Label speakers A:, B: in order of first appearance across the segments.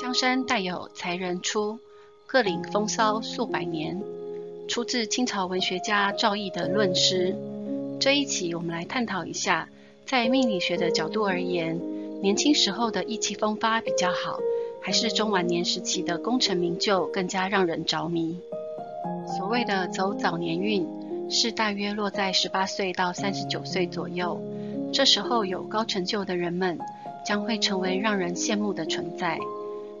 A: 江山代有才人出，各領風騷數百年。出自清朝文學家趙翼的《論詩》。這一期我們來探討一下，在命理學的角度而言，年輕時候的意氣風發比較好，還是中晚年時期的功成名就更加讓人着迷？所謂的走早年運，是大約落在十八歲到三十九歲左右。這時候有高成就的人們將會成為讓人羨慕的存在，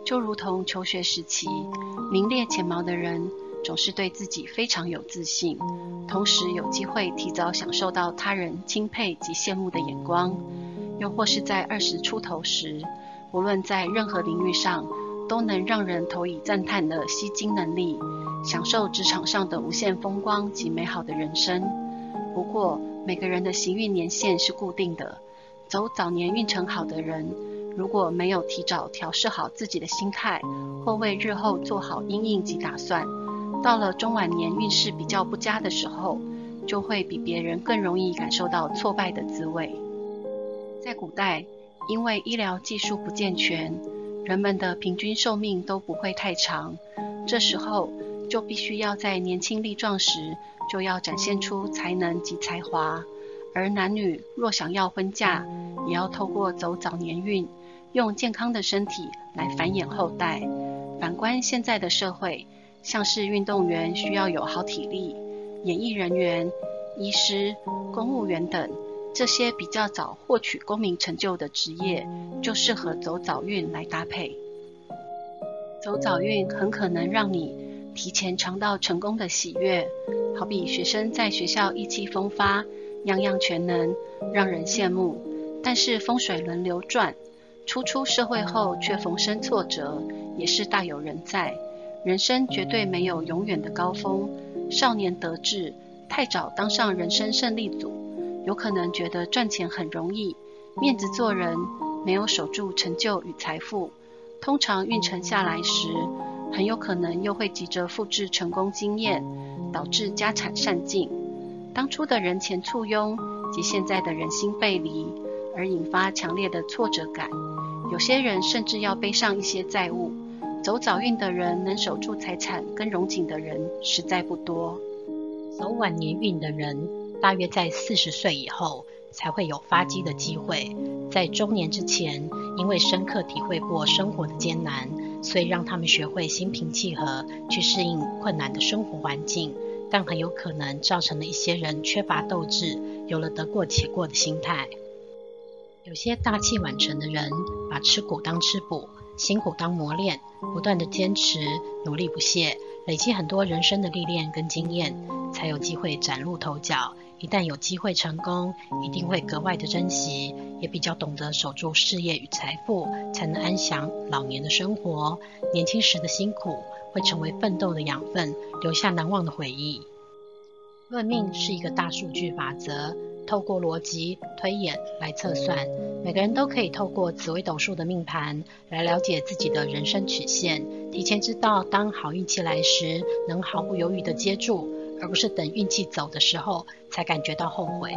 A: 就如同求學時期名列前茅的人總是對自己非常有自信，同時有機會提早享受到他人欽佩及羨慕的眼光；又或是在二十出頭時，無論在任何領域上都能讓人投以讚嘆的吸睛能力，享受職場上的無限風光及美好的人生。不過，每個人的行運年限是固定的，走早年運程好的人，如果沒有提早調試好自己的心態，或為日後做好因應及打算，到了中晚年運勢比較不佳的時候，就會比別人更容易感受到挫敗的滋味。在古代，因為醫療技術不健全，人們的平均壽命都不會太長，這時候，就必須要在年輕力壯時就要展現出才能及才華，而男女若想要婚嫁，也要透過走早年運，用健康的身體來繁衍後代。反觀現在的社會，像是運動員需要有好體力，演藝人員、醫師、公務員等這些比較早獲取功名成就的職業，就適合走早運來搭配。走早運很可能讓你提前嘗到成功的喜悅，好比學生在學校意氣風發，樣樣全能，讓人羨慕。但是風水輪流轉，初出社會後卻逢生挫折，也是大有人在。人生絕對沒有永遠的高峰。少年得志，太早當上人生勝利組，有可能覺得賺錢很容易，面子做人，沒有守住成就與財富。通常運程下來時，很有可能又會急着複製成功經驗，導致家產散盡。當初的人前簇擁，及現在的人心背離，而引發強烈的挫折感。有些人甚至要背上一些債務。
B: 走早運的人，能守住財產跟榮景的人實在不多。走晚年運的人，大約在四十歲以後才會有發跡的機會。在中年之前，因為深刻體會過生活的艱難。所以讓他們學會心平氣和去適應困難的生活環境，但很有可能造成了一些人缺乏鬥志，有了得過且過的心態。有些大器晚成的人，把吃苦當吃補，辛苦當磨練，不斷地堅持，努力不懈，累積很多人生的歷練跟經驗，才有機會嶄露頭角。一旦有機會成功，一定會格外的珍惜，也比較懂得守住事業與財富，才能安享老年的生活。年輕時的辛苦會成為奮鬥的養分，留下難忘的回憶。論命是一個大數據法則，透過邏輯推演來測算，每個人都可以透過紫微斗數的命盤來了解自己的人生曲線，提前知道當好運氣來時，能毫不猶豫的接住。而不是等運氣走的時候才感覺到後悔。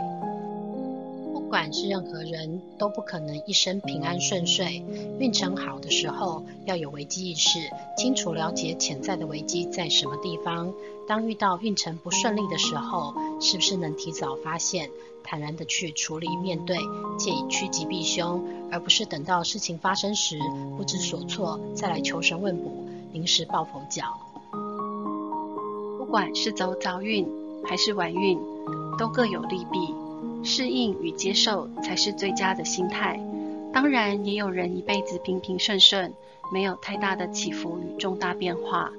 B: 不管是任何人都不可能一生平安順遂，運程好的時候要有危機意識，清楚了解潛在的危機在什麼地方。當遇到運程不順利的時候，是不是能提早發現，坦然的去處理面對，借以趨吉避凶，而不是等到事情發生時不知所措，再來求神問卜，臨時抱佛腳。不管是走早運
A: 還是晚運，都各有利弊，適應與接受才是最佳的心態。當然，也有人一輩子平平順順，沒有太大的起伏與重大變化，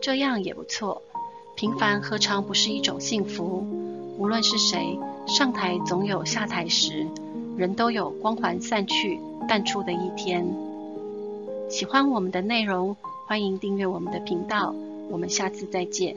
A: 這樣也不錯。平凡何嘗不是一種幸福？無論是誰，上台總有下台時，人都有光環散去、淡出的一天。喜歡我們的內容，歡迎訂閱我們的頻道。我們下次再見。